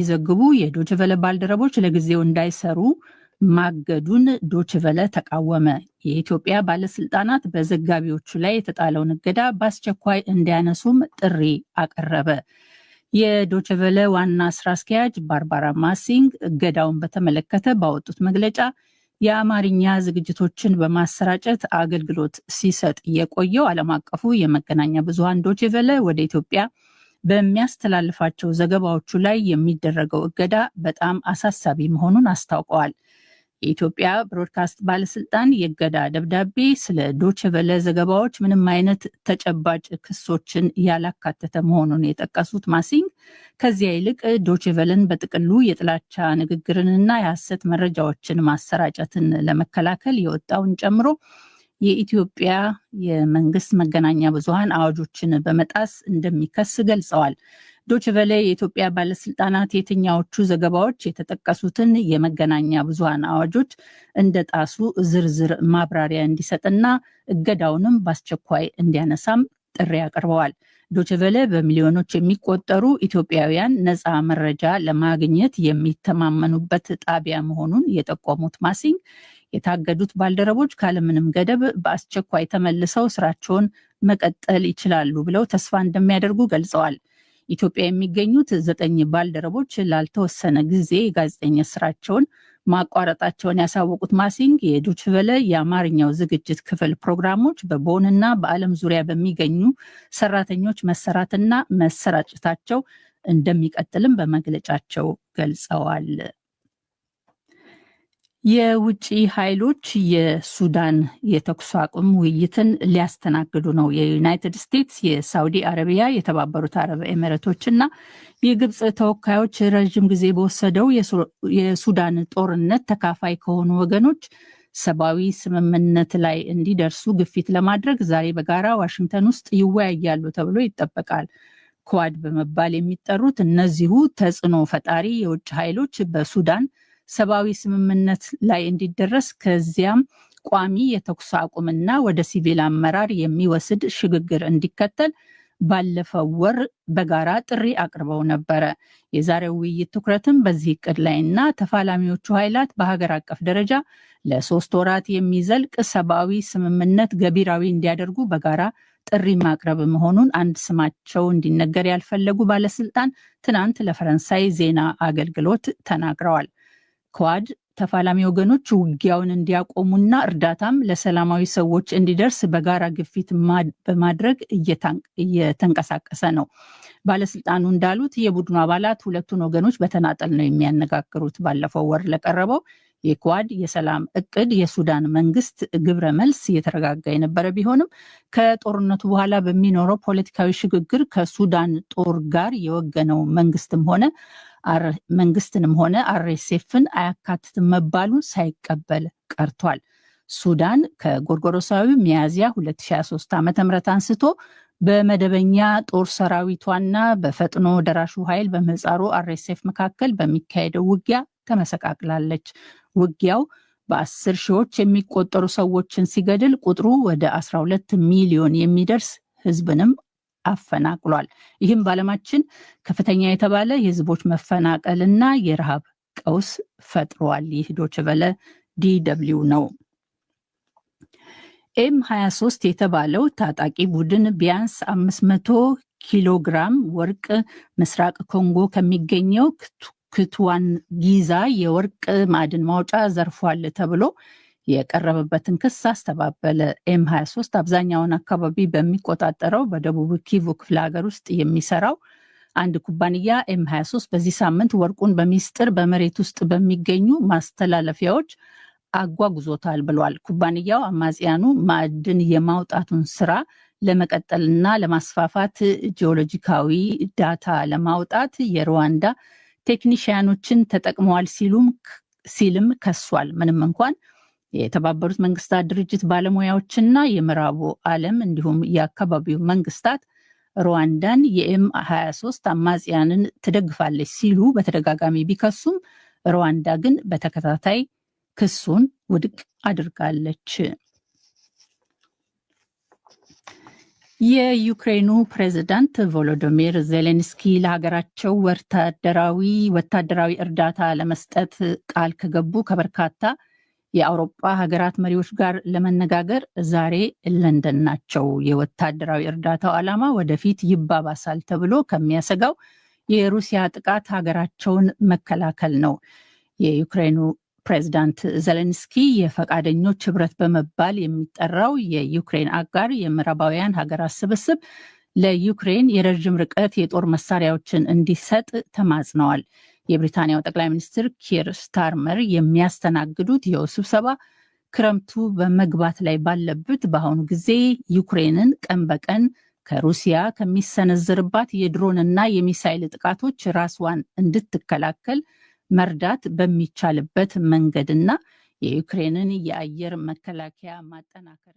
እንዲዘግቡ የዶችቨለ ባልደረቦች ለጊዜው እንዳይሰሩ ማገዱን ዶችቨለ ተቃወመ። የኢትዮጵያ ባለስልጣናት በዘጋቢዎቹ ላይ የተጣለውን እገዳ በአስቸኳይ እንዲያነሱም ጥሪ አቀረበ። የዶችቨለ ዋና ስራ አስኪያጅ ባርባራ ማሲንግ እገዳውን በተመለከተ ባወጡት መግለጫ የአማርኛ ዝግጅቶችን በማሰራጨት አገልግሎት ሲሰጥ የቆየው ዓለም አቀፉ የመገናኛ ብዙሃን ዶችቨለ ወደ ኢትዮጵያ በሚያስተላልፋቸው ዘገባዎቹ ላይ የሚደረገው እገዳ በጣም አሳሳቢ መሆኑን አስታውቀዋል። የኢትዮጵያ ብሮድካስት ባለስልጣን የእገዳ ደብዳቤ ስለ ዶችቨለ ዘገባዎች ምንም አይነት ተጨባጭ ክሶችን ያላካተተ መሆኑን የጠቀሱት ማሲንግ ከዚያ ይልቅ ዶችቨለን በጥቅሉ የጥላቻ ንግግርንና የሐሰት መረጃዎችን ማሰራጨትን ለመከላከል የወጣውን ጨምሮ የኢትዮጵያ የመንግስት መገናኛ ብዙሀን አዋጆችን በመጣስ እንደሚከስ ገልጸዋል። ዶችቨሌ የኢትዮጵያ ባለስልጣናት የትኛዎቹ ዘገባዎች የተጠቀሱትን የመገናኛ ብዙሀን አዋጆች እንደጣሱ ዝርዝር ማብራሪያ እንዲሰጥና እገዳውንም በአስቸኳይ እንዲያነሳም ጥሪ አቅርበዋል። ዶችቨለ በሚሊዮኖች የሚቆጠሩ ኢትዮጵያውያን ነፃ መረጃ ለማግኘት የሚተማመኑበት ጣቢያ መሆኑን የጠቆሙት ማሲንግ የታገዱት ባልደረቦች ካለምንም ገደብ በአስቸኳይ ተመልሰው ስራቸውን መቀጠል ይችላሉ ብለው ተስፋ እንደሚያደርጉ ገልጸዋል። ኢትዮጵያ የሚገኙት ዘጠኝ ባልደረቦች ላልተወሰነ ጊዜ የጋዜጠኛ ስራቸውን ማቋረጣቸውን ያሳወቁት ማሲንግ የዶችቨለ የአማርኛው ዝግጅት ክፍል ፕሮግራሞች በቦንና በዓለም ዙሪያ በሚገኙ ሰራተኞች መሰራትና መሰራጨታቸው እንደሚቀጥልም በመግለጫቸው ገልጸዋል። የውጭ ኃይሎች የሱዳን የተኩስ አቁም ውይይትን ሊያስተናግዱ ነው። የዩናይትድ ስቴትስ፣ የሳውዲ አረቢያ፣ የተባበሩት አረብ ኤሚሬቶች እና የግብፅ ተወካዮች ረዥም ጊዜ በወሰደው የሱዳን ጦርነት ተካፋይ ከሆኑ ወገኖች ሰብአዊ ስምምነት ላይ እንዲደርሱ ግፊት ለማድረግ ዛሬ በጋራ ዋሽንግተን ውስጥ ይወያያሉ ተብሎ ይጠበቃል። ኳድ በመባል የሚጠሩት እነዚሁ ተጽዕኖ ፈጣሪ የውጭ ኃይሎች በሱዳን ሰብአዊ ስምምነት ላይ እንዲደረስ ከዚያም ቋሚ የተኩስ አቁምና ወደ ሲቪል አመራር የሚወስድ ሽግግር እንዲከተል ባለፈው ወር በጋራ ጥሪ አቅርበው ነበረ። የዛሬው ውይይት ትኩረትም በዚህ እቅድ ላይ እና ተፋላሚዎቹ ኃይላት በሀገር አቀፍ ደረጃ ለሶስት ወራት የሚዘልቅ ሰብአዊ ስምምነት ገቢራዊ እንዲያደርጉ በጋራ ጥሪ ማቅረብ መሆኑን አንድ ስማቸው እንዲነገር ያልፈለጉ ባለስልጣን ትናንት ለፈረንሳይ ዜና አገልግሎት ተናግረዋል። ኳድ ተፋላሚ ወገኖች ውጊያውን እንዲያቆሙና እርዳታም ለሰላማዊ ሰዎች እንዲደርስ በጋራ ግፊት በማድረግ እየተንቀሳቀሰ ነው። ባለስልጣኑ እንዳሉት የቡድኑ አባላት ሁለቱን ወገኖች በተናጠል ነው የሚያነጋግሩት። ባለፈው ወር ለቀረበው የኳድ የሰላም እቅድ የሱዳን መንግስት ግብረ መልስ እየተረጋጋ የነበረ ቢሆንም ከጦርነቱ በኋላ በሚኖረው ፖለቲካዊ ሽግግር ከሱዳን ጦር ጋር የወገነው መንግስትም ሆነ መንግስትንም ሆነ አርኤስኤፍን አያካትትም መባሉን ሳይቀበል ቀርቷል። ሱዳን ከጎርጎሮሳዊ ሚያዚያ 2023 ዓ ም አንስቶ በመደበኛ ጦር ሰራዊቷና በፈጥኖ ደራሹ ኃይል በምህጻሩ አርኤስኤፍ መካከል በሚካሄደው ውጊያ ተመሰቃቅላለች። ውጊያው በአስር ሺዎች የሚቆጠሩ ሰዎችን ሲገድል ቁጥሩ ወደ 12 ሚሊዮን የሚደርስ ህዝብንም አፈናቅሏል። ይህም በዓለማችን ከፍተኛ የተባለ የህዝቦች መፈናቀልና የረሃብ ቀውስ ፈጥሯል። ይህ ዶች ዲደብሊው ነው። ኤም 23 የተባለው ታጣቂ ቡድን ቢያንስ 500 ኪሎ ግራም ወርቅ ምስራቅ ኮንጎ ከሚገኘው ክትዋን ጊዛ የወርቅ ማዕድን ማውጫ ዘርፏል ተብሎ የቀረበበትን ክስ አስተባበለ። ኤም 23 አብዛኛውን አካባቢ በሚቆጣጠረው በደቡብ ኪቩ ክፍለ ሀገር ውስጥ የሚሰራው አንድ ኩባንያ ኤም 23 በዚህ ሳምንት ወርቁን በሚስጥር በመሬት ውስጥ በሚገኙ ማስተላለፊያዎች አጓጉዞታል ብሏል። ኩባንያው አማጽያኑ ማዕድን የማውጣቱን ስራ ለመቀጠልና ለማስፋፋት ጂኦሎጂካዊ ዳታ ለማውጣት የሩዋንዳ ቴክኒሽያኖችን ተጠቅመዋል ሲሉም ሲልም ከሷል። ምንም እንኳን የተባበሩት መንግስታት ድርጅት ባለሙያዎችና የምዕራቡ ዓለም እንዲሁም የአካባቢው መንግስታት ሩዋንዳን የኤም 23 አማጽያንን ትደግፋለች ሲሉ በተደጋጋሚ ቢከሱም ሩዋንዳ ግን በተከታታይ ክሱን ውድቅ አድርጋለች። የዩክሬኑ ፕሬዝዳንት ቮሎዶሚር ዜሌንስኪ ለሀገራቸው ወታደራዊ ወታደራዊ እርዳታ ለመስጠት ቃል ከገቡ ከበርካታ የአውሮፓ ሀገራት መሪዎች ጋር ለመነጋገር ዛሬ ለንደን ናቸው። የወታደራዊ እርዳታው ዓላማ ወደፊት ይባባሳል ተብሎ ከሚያሰጋው የሩሲያ ጥቃት ሀገራቸውን መከላከል ነው። የዩክሬኑ ፕሬዚዳንት ዘለንስኪ የፈቃደኞች ህብረት በመባል የሚጠራው የዩክሬን አጋር የምዕራባውያን ሀገራት ስብስብ ለዩክሬን የረዥም ርቀት የጦር መሳሪያዎችን እንዲሰጥ ተማጽነዋል። የብሪታንያው ጠቅላይ ሚኒስትር ኪር ስታርመር የሚያስተናግዱት ይኸው ስብሰባ ክረምቱ በመግባት ላይ ባለበት በአሁኑ ጊዜ ዩክሬንን ቀን በቀን ከሩሲያ ከሚሰነዝርባት የድሮንና የሚሳይል ጥቃቶች ራስዋን እንድትከላከል መርዳት በሚቻልበት መንገድና የዩክሬንን የአየር መከላከያ ማጠናከር